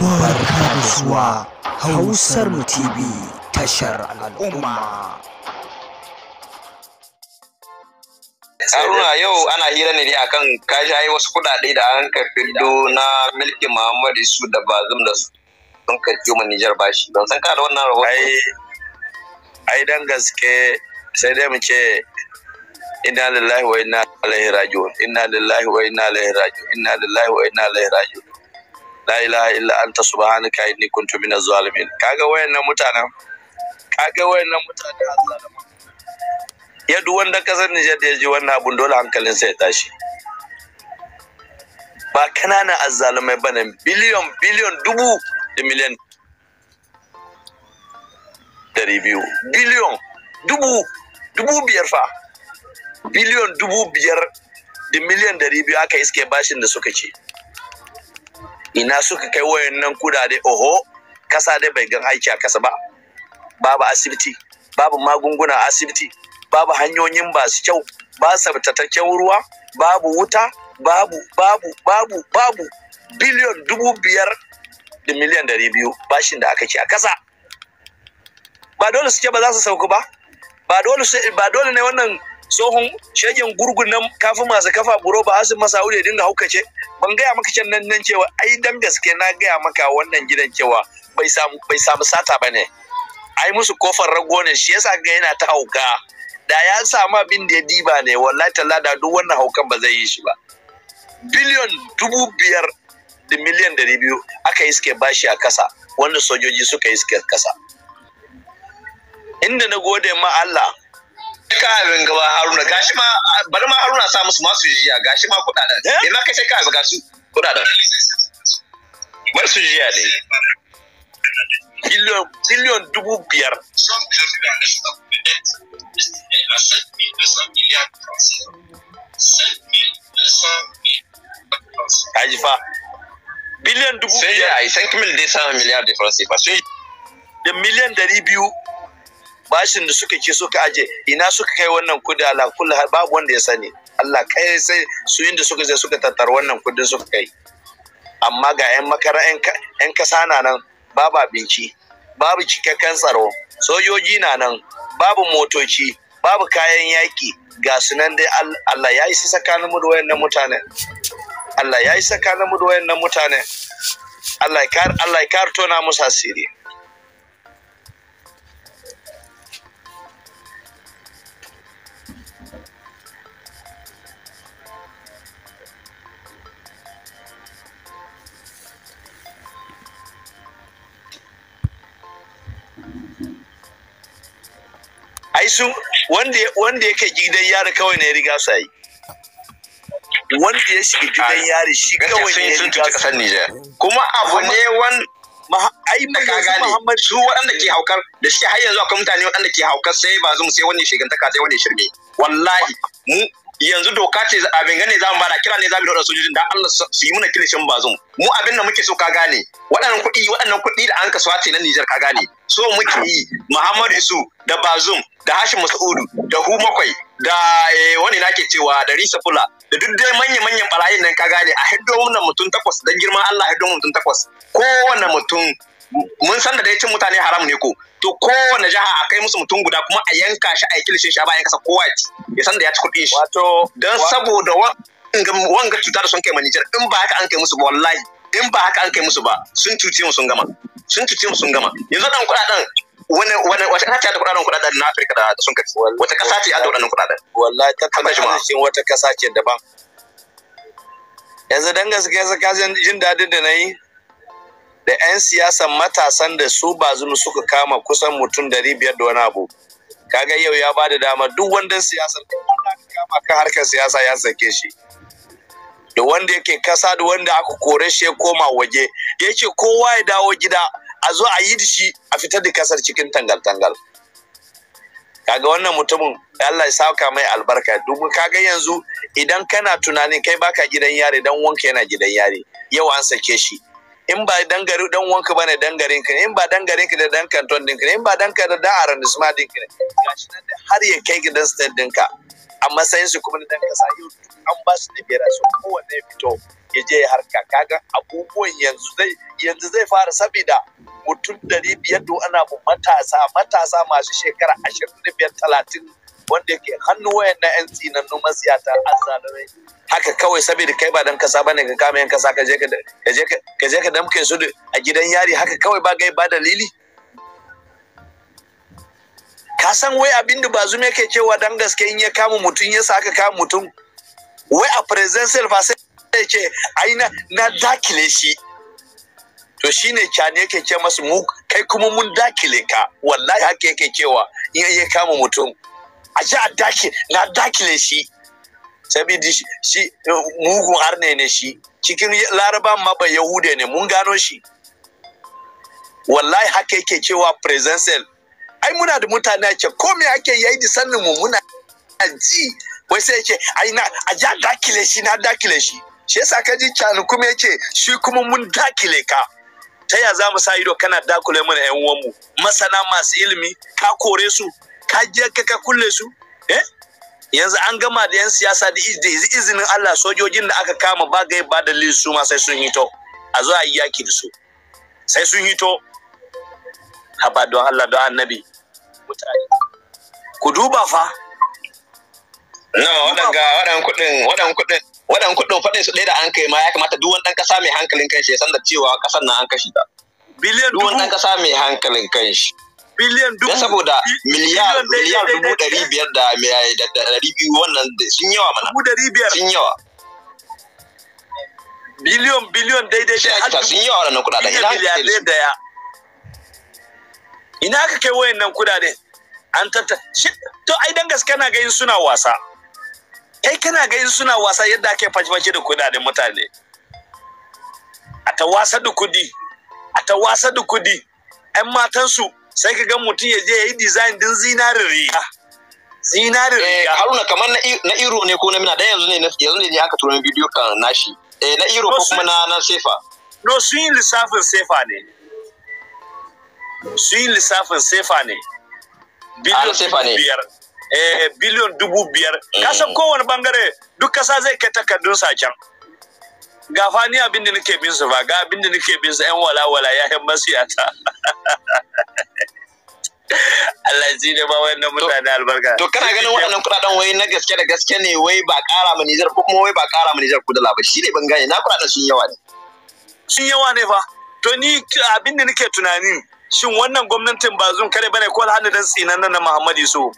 barka da zuwa hausar mu tv tashar al'umma Haruna yau ana hira ne dai akan ka shayi wasu kuɗaɗe da an ka fildo na milkin Muhammadu su da bazum da su sun ka ciwo Nijar bashi don san ka da wannan rahoto. Ai ai dan gaske sai dai mu ce inna lillahi wa inna ilaihi raji'un inna lillahi wa inna ilaihi raji'un inna lillahi wa inna ilaihi raji'un la ilaha illa anta subhanaka inni kuntu minaz zalimin kaga wayannan mutanen kaga wayannan mutanen azzalima ya duk wanda kasar Nijar da ya ji wannan abun dole hankalin sa ya tashi ba kananan azzalumai bane biliyon biliyon dubu da miliyan dari biyu biliyon dubu dubu biyar fa biliyon dubu biyar da miliyan dari biyu aka iske bashin da suka ce ina suka kai wayannan kudade oho kasa dai bai gan aiki a kasa ba babu asibiti babu magunguna asibiti babu hanyoyin ba su kyau ba tsabtataccen ruwa babu wuta babu babu babu babu biliyon dubu biyar da miliyan dari biyu bashin da aka ci a kasa ba dole su ce ba za su sauku ba ba dole ne wannan tsohon shagen gurgun nan kafin masu kafa buro ba su masa ya dinga haukace ban gaya maka can nan nan cewa ai dan gaske na gaya maka wannan gidan cewa bai samu bai samu sata bane ai musu kofar rago ne shi yasa ga yana ta hauka da ya samu abin da ya diba ne wallahi talla da duk wannan haukan ba zai yi shi ba biliyon dubu biyar da miliyan dari biyu aka iske bashi a kasa wanda sojoji suka iske kasa inda na gode ma Allah ka abin gaba haruna gashi ma bari ma haruna sa musu masu jiya gashi ma kudaden eh ma kace sai ga su kudaden bar su jiya ne biliyon biliyon dubu biyar Kaji fa biliyan dubu biyar. Sai ya yi 5 mil dai sama miliyar da faransi ba. Da miliyan dari biyu bashin da suka ke suka aje ina suka kai wannan kudi ala kullu babu wanda ya sani Allah kai sai su inda suka je suka tattar wannan kudin suka kai amma ga yan makara yan kasa na nan babu abinci babu cikakken tsaro sojoji na nan babu motoci babu kayan yaki ga su nan dai Allah ya yi tsakanin mu da wayannan mutane Allah ya yi tsakanin mu da wayannan mutane Allah ya kar Allah ya kar tona musasiri asiri ai su wanda wanda yake gidan yari kawai ne ya riga sa yi wanda ya shiga gidan yari shi kawai ne ya riga sa kuma abu ne wanda ai da su wanda ke haukar da shi har yanzu akwai mutane wanda ke haukar sai ba zumu sai wani shigantaka sai wani shirme wallahi mu yanzu doka ce abin gane zamu bada kira ne zamu da sojojin da Allah su yi muna kilishin bazum mu abin da muke so ka gane waɗannan kuɗi waɗannan kuɗi da an kasuwa ce na Niger ka gane so muke yi Muhammad Isu da Bazum da Hashim Mas'udu da Hu Makwai da eh, wani nake cewa da Risa Fula da duk dai manya-manyan barayin nan ka gane a hiddo mun mutum takwas da girman Allah hiddo mutum takwas kowane mutum mun san da dai cin mutane haram ne ko to kowane jaha a kai musu mutum guda kuma a yanka shi a kilishin shi a bayan kasa kowa ya san da ya ci kuɗin shi wato don saboda wanga cuta da sun kai manijar in ba haka an kai musu wallahi in ba haka an kai musu ba sun cuce mu sun gama sun cuce mu sun gama yanzu dan kudaden wani wani wata kasa ce da kudaden kudaden na Afirka da sun kace wata kasa ce da waɗannan kudaden wallahi tattalin arzikin wata kasa ce daban yanzu dan gaskiya saka jin dadin da nayi da 'yan siyasan matasan da su ba zum suka kama kusan mutum dari biyar da wani abu kaga yau ya bada dama duk wanda siyasar da kama ka harkar siyasa ya sake shi da wanda yake kasa da wanda aka kore shi ya koma waje yake kowa ya dawo gida a zo a yi da shi a fitar da kasar cikin tangal-tangal kaga wannan mutumin Allah ya sauka mai albarka domin kaga yanzu idan kana tunanin kai baka gidan yare dan wanka yana gidan yare yau an sake shi in ba dan gari dan wanka bane dan ka in ba dan garin ka da dan kanton din ka in ba dan ka da dan arrondissement din ka gashi nan har ya kai gidan dan dinka. din ka su kuma dan kasa yau an ba su libera su kowanne ya fito ya je ya harka kaga abubuwan yanzu zai yanzu zai fara saboda mutum 500 biyar ana bu matasa matasa masu shekara ashirin da biyar talatin wanda yake hannu wayan na yan tsinannu masiyata azzalurai haka kawai saboda kai ba dan kasa bane ka kama yan kasa ka je ka je ka damke su a gidan yari haka kawai ba gai ba dalili ka san wai abin da bazu me ke cewa dan gaske in ya kama mutum ya aka kama mutum wai a presidential fa sai ya ce aina na dakile shi to shine cani yake ce masu mu kai kuma mun dakile ka wallahi haka yake cewa in ya kama mutum a ji a daki na dakile shi saboda shi mugun arne ne shi cikin laraba ma ba yahude ne mun gano shi wallahi haka yake cewa presential ai muna da mutane ake komai ake yayi da sannin mu muna ji wai sai yake ai na a ja dakile shi na dakile shi shi yasa ka ji can kuma yake shi kuma mun dakile ka ta ya za mu sa ido kana dakule mana yan uwanmu masana masu ilimi ka kore su ka gidanka ka kulle su eh yanzu an gama da yan siyasa da izinin Allah sojojin da aka kama ba ga ba dalilin su ma sai sun hito a zo a yi yaki da su sai sun hito haba don Allah don annabi ku duba fa na ga waɗan kuɗin waɗan kudin waɗan kudin faɗin su ɗaya da an kai ma ya kamata duk wani ɗan ƙasa mai hankalin kanshi ya san da cewa ƙasar nan an kashi ta biliyan dubu ɗan ƙasa mai hankalin shi biliyan dubu saboda miliyan miliyar dubu ɗari biyar da ɗari biyu wannan sun yawa mana dubu dari biyar sun yawa biliyon biliyon daidai da alfi sun yawa wannan kudaden ina miliyardai daya ina ka kai nan kuɗaɗe an tatta to ai dan gaske na gayin suna wasa kai kana gayin suna wasa yadda ake fashe-fashe da kuɗaɗen mutane a ta wasa da kudi a ta wasa da kudi 'yan matansu sai ka ga mutum ya je ya yi design din zinarin riga zinarin eh, riga haruna kamar na iro ne ko na mina dan yanzu ne yanzu ne aka tura bidiyo kan nashi eh na iro ko kuma na na sefa no sun yi lissafin sefa ne Sun yi lissafin sefa ne biliyon ah, sefa ne biyar eh biliyon dubu biyar mm. ko kowane bangare duk kasa zai kai takardun sa can ga fani abin da nake bin su ba ga abin da nake bin su yan walawala ya yan masiyata Allah ji ne ma wayannan mutane albarka. To kana ganin waɗannan kuɗaɗen wai na gaske da gaske ne wai ba ƙara ma Nijar ko kuma wai ba ƙara ma Nijar kudala ba shi ne ban gane na kuɗaɗen sun yawa ne. Sun yawa ne fa. To ni abin da nake tunani shin wannan gwamnatin ba zun kare bane ko alhali dan tsinan nan na Muhammad Yusuf.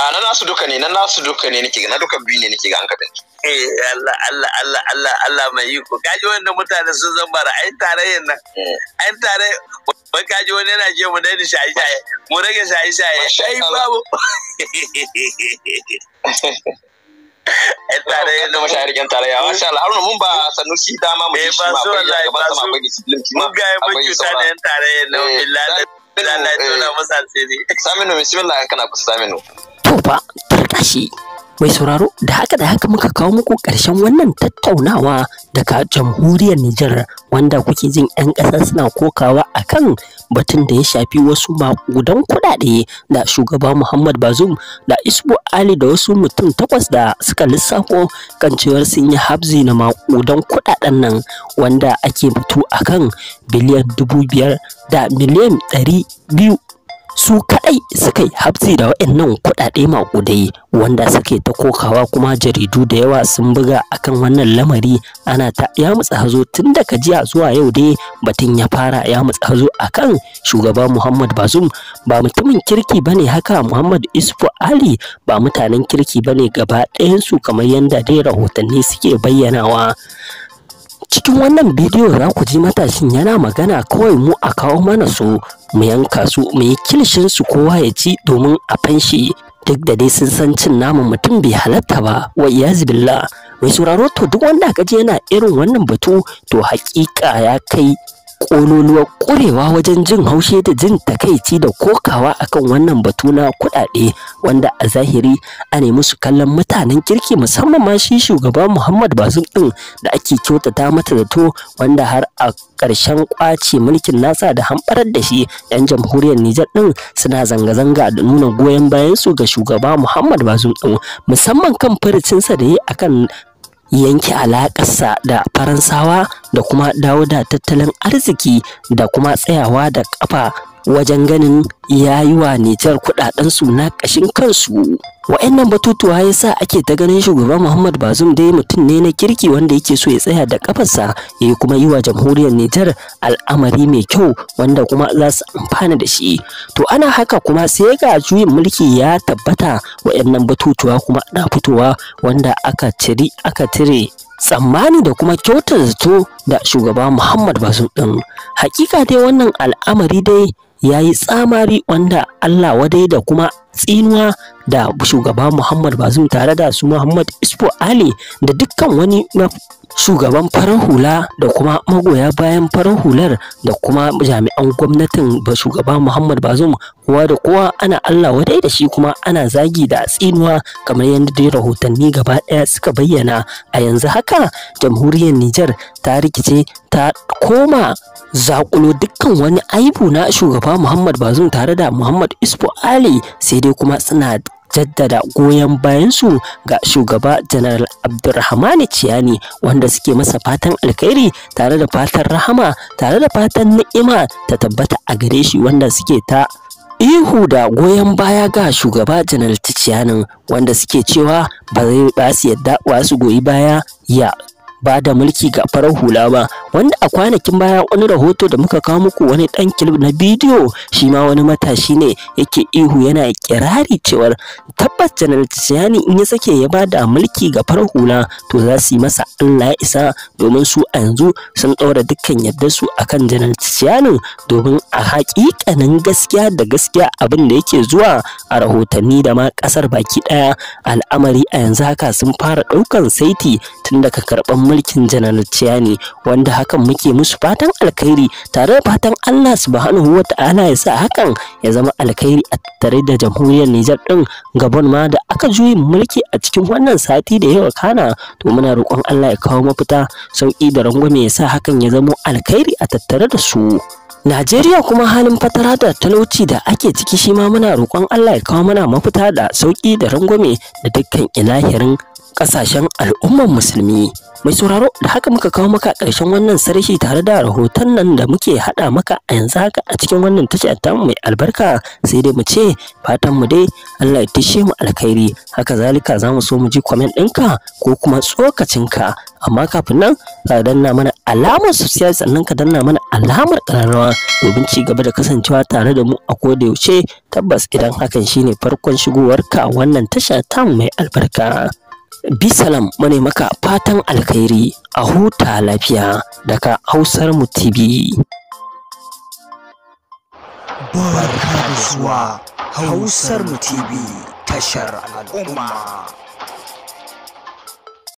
A na nasu duka ne na nasu duka ne nake na duka biyu ne nake ga an kaɗan. eh Allah Allah Allah Allah Allah mai ko, kaji wanda mutane sun zambara ai tarayyan nan eh. ai tare wai kaji wani yana je mu daina shaye shaye mu rage shaye shaye ai babu ai tarayyan nan mashayar yan tarayya masha Allah Haruna mun ba sanusi dama mu eh, shi ma bai gaban sama bai disiplin kuma mun ga mun cuta da yan tarayyan nan eh, billahi Allah ya tona musa Saminu bismillah kana kusa Saminu tufa tashi mai sauraro da haka da haka muka kawo muku ƙarshen wannan tattaunawa daga jamhuriyar Nijar wanda kuke jin 'yan ƙasa suna kokawa akan batun da ya shafi wasu maƙudan kuɗaɗe da shugaba Muhammad Bazoum da Isbu Ali da wasu mutum takwas da suka lissafo kan cewar sun yi habzi na maƙudan kuɗaɗen nan wanda ake batu akan biliyan dubu biyar da miliyan ɗari biyu su kadai suka yi hafsi da waɗannan kuɗaɗe maƙudai wanda suke ta kokawa kuma jaridu da yawa sun buga akan wannan lamari ana ta ya mutsa hazo tun daga jiya zuwa yau dai batun ya fara ya mutsa hazo akan shugaba Muhammad Bazum ba mutumin kirki bane haka Muhammad Isfu Ali ba mutanen kirki bane gaba ɗayan su kamar yanda dai rahotanni suke bayyanawa cikin wannan bidiyo za ku ji matashin yana magana kawai mu a kawo mana su mu yanka su mu yi kilishin su kowa ya ci domin a fanshi duk da dai sun san cin naman mutum bai halatta ba wa iyazi zibilla? mai sauraro to duk wanda aka ji yana irin wannan batu to hakika ya kai ƙololuwar ƙurewa wajen jin haushe da jin takaici da kokawa akan wannan batu na kuɗaɗe wanda a zahiri a nemi su kallon mutanen kirki musamman ma shi shugaba Muhammad Bazoum ɗin da ake kyautata mata da to wanda har a ƙarshen ƙwace mulkin nasa da hamɓarar da shi 'yan jamhuriyar Nijar ɗin suna zanga-zanga da nuna goyon bayan su ga shugaba Muhammad Bazoum ɗin musamman kan farcinsa da ya akan yanke alaƙarsa da faransawa da kuma dawo da tattalin arziki da kuma tsayawa da ƙafa wajen ganin ya yi wa nijar kuɗaɗensu na ƙashin kansu wa'annan batutuwa ya sa ake ta ganin shugaba muhammad bazum dai mutum ne na kirki wanda yake so ya tsaya da kafarsa ya yi kuma yi wa jamhuriyar nijar al'amari mai kyau wanda kuma za su amfana da shi to ana haka kuma sai ga juyin mulki ya tabbata wa'annan batutuwa kuma na fitowa wanda aka ciri aka cire tsammani da kuma kyautar zato da shugaba muhammad bazum ɗin hakika dai wannan al'amari dai ya yi tsamari wanda Allah wadai da kuma tsinuwa da shugaba Muhammad Bazum tare da su Muhammad Ispo Ali da dukkan wani shugaban farar hula da kuma magoya bayan farar hular da kuma jami'an gwamnatin ba shugaba Muhammad Bazum kowa da kowa ana Allah wadai da shi kuma ana zagi da tsinuwa kamar yadda dai rahotanni gaba ɗaya suka bayyana a yanzu haka jamhuriyar Nijar ta rikice ta koma zaƙulo dukkan wani aibu na shugaba Muhammad Bazum tare da Muhammad ispo Ali sai dai kuma suna jaddada goyon bayansu ga shugaba Janaral abdulrahman ciyani wanda suke masa fatan alkhairi tare da fatan rahama tare da fatan ni'ima ta tabbata a gare shi wanda suke ta ihu da goyon baya ga shugaba Janaral ticiyanin wanda suke cewa ba zai ba su yadda wasu goyi baya ya ba da mulki ga farar hula ba wanda a kwanakin baya wani rahoto da muka kawo muku wani dan kilib na bidiyo shi ma wani matashi ne yake ihu yana kirari cewar tabbas janar in ya sake ya ba da mulki ga farar hula to za su yi masa allah ya isa domin su a yanzu sun ɗaura dukkan yadda su akan janar domin a haƙiƙanin gaskiya da gaskiya abin da yake zuwa a rahotanni da ma ƙasar baki ɗaya al'amari a yanzu haka sun fara ɗaukan saiti tun daga karɓan mulkin janar Ciyani wanda hakan muke musu fatan alkhairi tare da fatan Allah subhanahu wata'ala ya sa hakan ya zama alkhairi a tare da jamhuriyar Nijar din gaban ma da aka juyin mulki a cikin wannan sati da yawa kana to muna roƙon Allah ya kawo mafita sauki da rangwame ya sa hakan ya zama alkhairi a tattare da su. Najeriya kuma halin fatara da talauci da ake ciki shi ma muna roƙon Allah ya kawo mana mafita da sauƙi da rangwame da dukkan ilahirin ƙasashen al'ummar musulmi. Mai sauraro da haka muka kawo maka ƙarshen wannan sarki tare da rahoton nan da muke haɗa maka a yanzu haka a cikin wannan tashar ta mai albarka sai dai mu ce fatan mu dai Allah ya tishe mu alkhairi haka zalika za mu so mu ji comment ɗinka ko kuma tsokacinka amma kafin nan ka danna mana alamar subscribe sannan ka danna mana alamar ƙararrawa domin ci gaba da kasancewa tare da mu a koda yaushe tabbas idan hakan shine farkon shigowarka wannan tasha ta mai albarka bisalam mune maka fatan alkhairi a huta lafiya daga hausar mu tv barka da zuwa hausar mu tv tashar al'umma